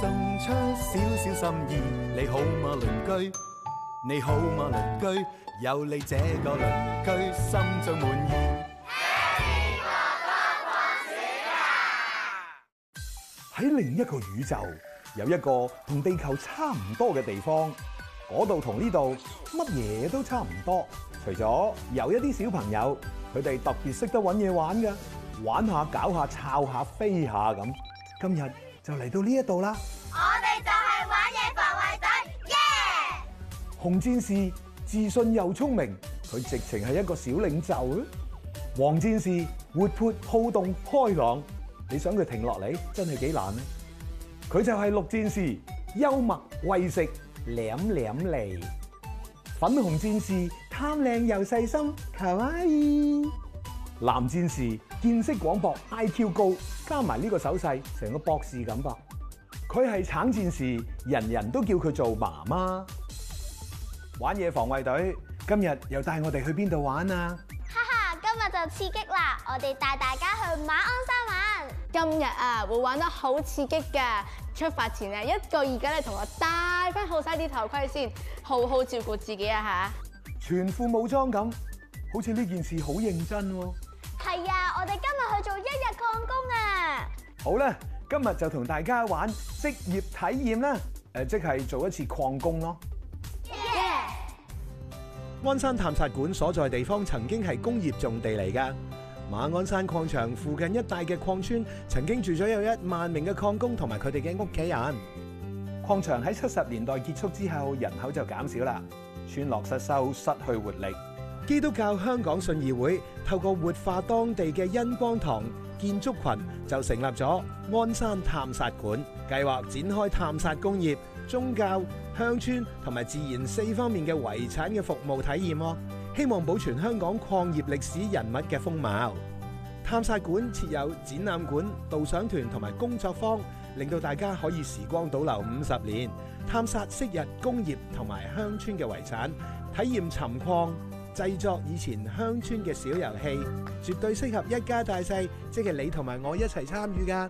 送出少少心意，你好嗎鄰居？你好嗎鄰居？有你這個鄰居，心中滿意。喺 另一個宇宙，有一個同地球差唔多嘅地方，嗰度同呢度乜嘢都差唔多，除咗有一啲小朋友，佢哋特別識得搵嘢玩嘅，玩下搞下，抄下飛下咁。今日。又嚟到呢一度啦！我哋就係玩嘢防衛隊，耶！紅戰士自信又聰明，佢直情係一個小領袖。黃戰士活潑好動開朗，你想佢停落嚟真係幾難咧！佢就係綠戰士，幽默喂食，舐舐脷。粉紅戰士貪靚又細心，卡哇伊。藍戰士見識廣博，IQ 高。加埋呢個手勢，成個博士咁噃。佢係橙戰士，人人都叫佢做媽媽。玩嘢防衛隊，今日又帶我哋去邊度玩啊？哈哈，今日就刺激啦！我哋帶大家去馬鞍山玩。今日啊，會玩得好刺激噶。出發前啊，一個二個咧，同我戴翻好晒啲頭盔先，好好照顧自己啊吓！全副武裝咁，好似呢件事好認真啊。係啊，我哋今日去做一日。好啦，今日就同大家玩職業體驗啦，誒，即係做一次礦工咯。鞍、yeah! 山探察館所在地方曾經係工業重地嚟噶，馬鞍山礦場附近一帶嘅礦村曾經住咗有一萬名嘅礦工同埋佢哋嘅屋企人。礦場喺七十年代結束之後，人口就減少啦，村落失收，失去活力。基督教香港信義會透過活化當地嘅恩光堂建築群，就成立咗鞍山探索館，計劃展開探索工業、宗教、鄉村同埋自然四方面嘅遺產嘅服務體驗。哦，希望保存香港礦業歷史人物嘅風貌。探索館設有展覽館、導賞團同埋工作坊，令到大家可以時光倒流五十年，探索昔日工業同埋鄉村嘅遺產，體驗沉礦。製作以前鄉村嘅小遊戲，絕對適合一家大細，即係你同埋我一齊參與噶。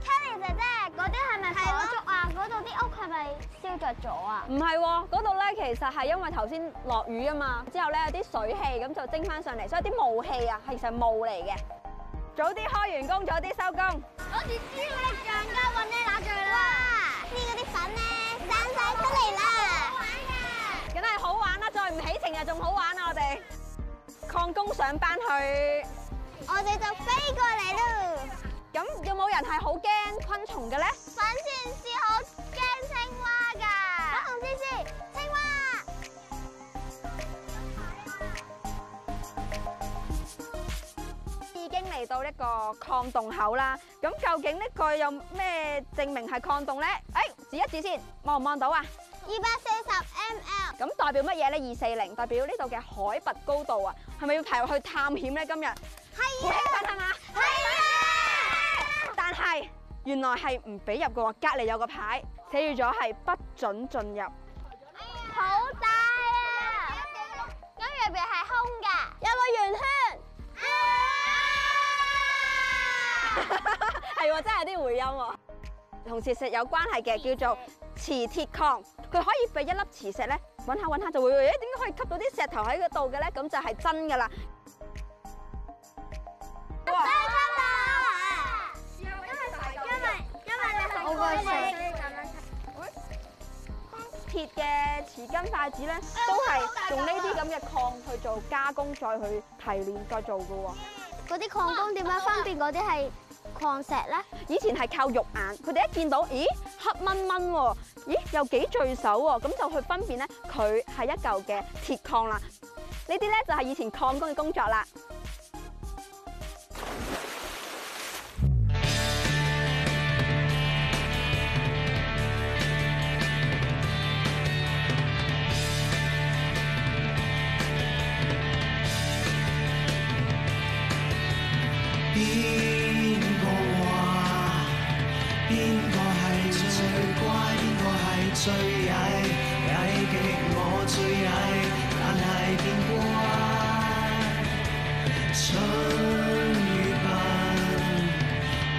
Kelly 姐姐，嗰啲係咪火燭啊？嗰度啲屋係咪燒着咗啊？唔係，嗰度咧其實係因為頭先落雨啊嘛，之後咧有啲水氣咁就蒸翻上嚟，所以啲霧氣啊，其實係霧嚟嘅。早啲開完工，早啲收工。好似朱古力醬加雲呢拿住。唔起，成日仲好玩啊！我哋礦工上班去，我哋就飛過嚟咯。咁有冇人係好驚昆蟲嘅咧？粉線師好驚青蛙噶，粉紅蜘蛛，青蛙。已經嚟到呢個礦洞口啦。咁究竟呢個有咩證明係礦洞咧？哎，指一指先，望唔望到啊？二八三。咁代表乜嘢咧？二四零代表呢度嘅海拔高度啊，係咪要排入去探險咧？今日係啊，是啊是啊是啊，但係原來係唔俾入嘅喎，隔籬有個牌寫住咗係不准進入。好、哎、大啊！咁入邊係空嘅，有個圓圈。係、啊、喎、 啊，真係啲回音喎、啊，同石食有關係嘅，叫做。磁鐵礦，佢可以畀一粒磁石咧，搵下搵下就會，誒，點解可以吸到啲石頭喺嗰度嘅咧？咁就係真噶啦。因為因為因為，鐵嘅匙羹筷子咧，都係用呢啲咁嘅礦去做加工，再去提煉再做噶。嗰啲礦工點樣分別嗰啲係礦石咧？以前係靠肉眼，佢哋一見到，咦？黑蚊蚊喎，咦，又幾墜手喎，咁就去分辨咧，佢係一嚿嘅鐵礦啦。呢啲咧就係以前礦工嘅工作啦。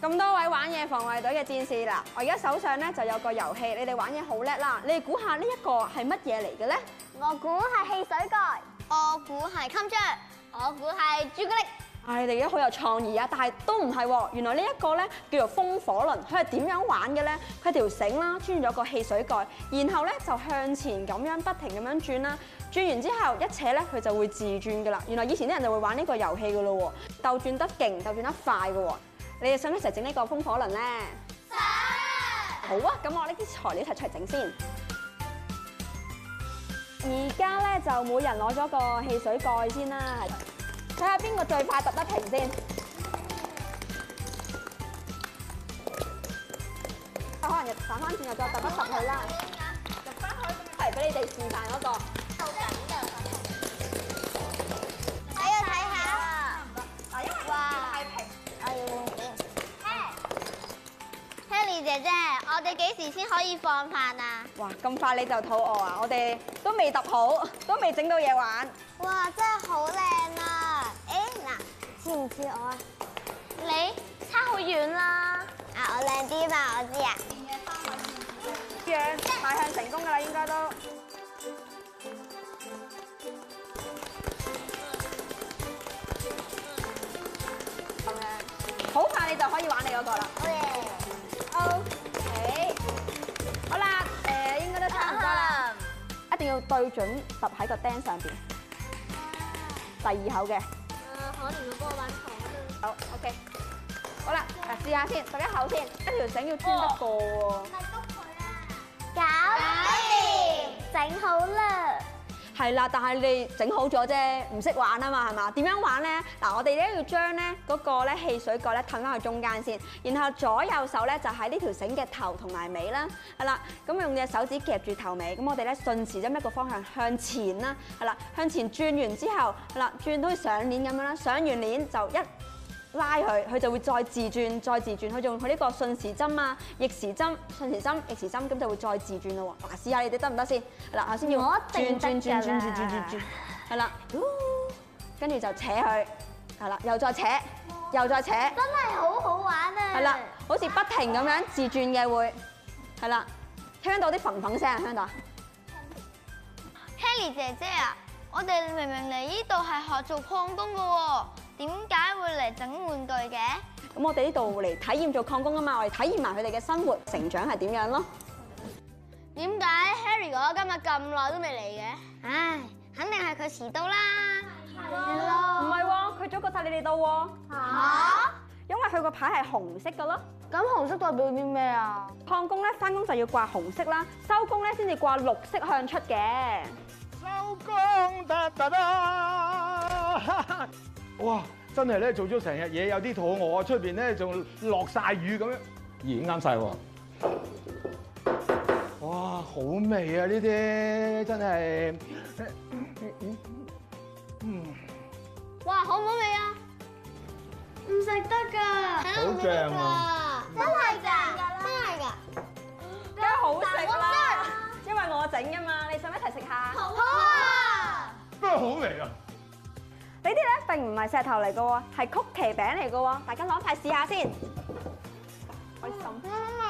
咁多位玩嘢防衛隊嘅戰士啦，我而家手上咧就有個遊戲，你哋玩嘢好叻啦。你哋估下呢一個係乜嘢嚟嘅咧？我估係汽水蓋，我估係襟章，我估係朱古力。係、哎、你哋都好有創意啊！但係都唔係喎。原來呢一個咧叫做風火輪，佢係點樣玩嘅咧？佢條繩啦，穿咗個汽水蓋，然後咧就向前咁樣不停咁樣轉啦。轉完之後一扯咧，佢就會自轉噶啦。原來以前啲人就會玩呢個遊戲噶咯喎，鬥轉得勁，鬥轉得快噶喎。你哋想唔想整呢個風火輪咧？想！好啊，咁我呢啲材料一齊整先。而家咧就每人攞咗個汽水蓋先啦，睇下邊個最快揼得平先、嗯。可能又，反返轉又再揼得順去啦。就翻去俾俾你哋試下嗰個。你幾時先可以放飯啊？哇，咁快你就肚餓啊？我哋都未揼好，都未整到嘢玩。哇，真係好靚啊！誒，嗱，似唔似我啊？你差好遠啦！啊，我靚啲嘛，我知啊。呢樣賣相成功㗎喇，應該都好快你就可以玩你嗰個啦。好嘢！要對準揼喺個釘上邊。第二口嘅。好 OK。好啦，啊，試下先，第一口先。一條繩要穿得多喎。咪篤佢啊！搞掂，整好喇。係啦，但係你整好咗啫，唔識玩啊嘛，係嘛？點樣玩咧？嗱，我哋咧要將咧嗰個咧汽水蓋咧褪翻去中間先，然後左右手咧就喺呢條繩嘅頭同埋尾啦，係啦，咁用隻手指夾住頭尾，咁我哋咧順時針一個方向向前啦，係啦，向前轉完之後，係啦，轉到上鏈咁樣啦，上完鏈就一。拉佢，佢就會再自轉，再自轉。佢用佢呢個順時針啊，逆時針，順時針，逆時針，咁就會再自轉咯喎。嗱，試下你哋得唔得先？係啦，後先要轉轉轉轉轉轉轉，係啦，跟住就扯佢，係啦，又再扯，又再扯，真係好好玩啊！係啦，好似不停咁樣自轉嘅會，係啦，聽到啲嘭嘭聲啊，聽到？Helly 姐姐啊，我哋明明嚟呢度係學做礦工㗎喎。點解會嚟整玩具嘅？咁我哋呢度嚟體驗做礦工啊嘛，我哋體驗埋佢哋嘅生活成長係點樣咯。點解 Harry 哥今日咁耐都未嚟嘅？唉，肯定係佢遲到啦。係咯。唔係喎，佢早過晒你哋到喎。吓？因為佢個牌係紅色噶咯。咁紅色代表啲咩啊？礦工咧，翻工就要掛紅色啦，收工咧先至掛綠色向出嘅。收工得得得！哇！真係咧做咗成日嘢，有啲肚餓啊！出邊咧仲落晒雨咁樣，而啱晒喎！哇！好味啊！呢啲真係，嗯，哇！好唔好味啊？唔食得㗎，好正啊！真係㗎，真係㗎，梗係好食啦！因為我整㗎嘛，你想唔想一齊食下？好，好啊好！不過好味啊！呢啲咧並唔係石頭嚟嘅喎，係曲奇餅嚟嘅喎，大家攞一塊試下先。開心。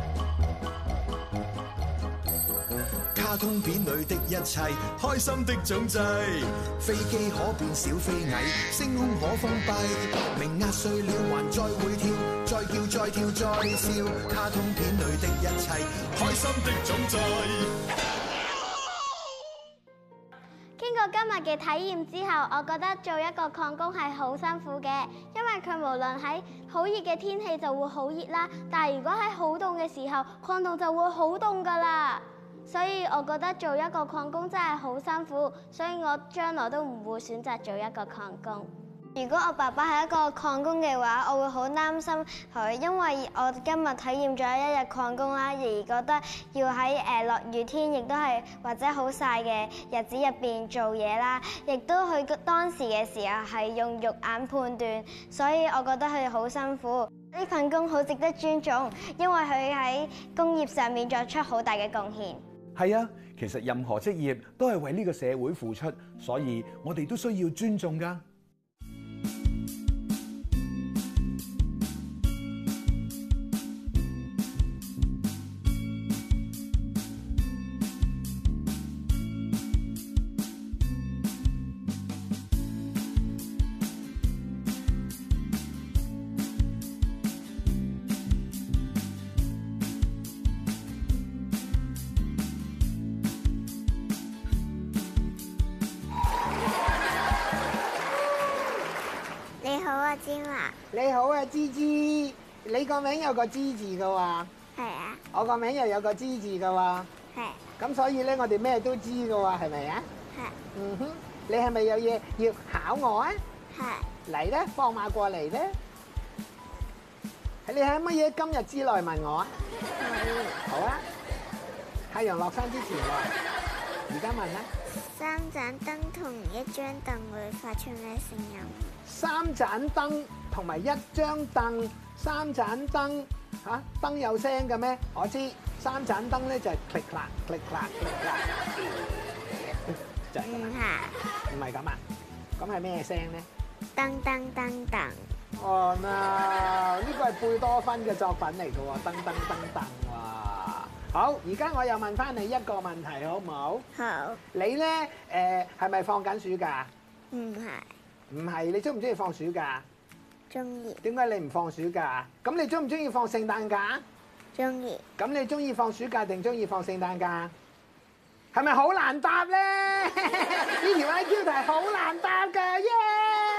卡通片裡的一切，開心的總罪。飛機可變小飛蟻，星空可封閉，明壓碎了還，再會跳，再跳，再跳，再笑。卡通片裡的一切，開心的總罪。經過今日嘅體驗之後，我覺得做一個礦工係好辛苦嘅，因為佢無論喺好熱嘅天氣就會好熱啦，但係如果喺好凍嘅時候，礦洞就會好凍噶啦。所以，我覺得做一個礦工真係好辛苦，所以我將來都唔會選擇做一個礦工。如果我爸爸係一個礦工嘅話，我會好擔心佢，因為我今日體驗咗一日礦工啦，而覺得要喺誒落雨天亦都係或者好晒嘅日子入面做嘢啦，亦都佢當時嘅時候係用肉眼判斷，所以我覺得佢好辛苦。呢份工好值得尊重，因為佢喺工業上面作出好大嘅貢獻。係啊，其實任何職業都係為呢個社會付出，所以我哋都需要尊重㗎。你好啊，芝芝，你個名有個芝字噶喎。係啊。我個名又有個芝字噶喎。係。咁所以咧，我哋咩都知噶喎，係咪啊？係。嗯哼，你係咪有嘢要考我啊？係。嚟咧，放馬過嚟咧。你喺乜嘢今日之內問我啊？係。好啊。太陽落山之前喎。而家問啦。三盞燈同一張凳會發出咩聲音？三盞燈同埋一張凳，三盞燈吓？燈、啊、有聲嘅咩？我知三盞燈咧就係 click click click，就唔係唔係咁啊？咁係咩聲咧？噔噔噔噔。哦，嗱，呢個係貝多芬嘅作品嚟嘅喎，噔噔噔噔喎。好，而家我又問翻你一個問題，好唔好？好你呢。你咧誒係咪放緊暑假？唔係。唔係，你中唔中意放暑假？中意。點解你唔放暑假？咁你中唔中意放聖誕假？中意。咁你中意放暑假定中意放聖誕假？係咪好難答咧？呢 條 IQ 題好難答㗎耶！Yeah!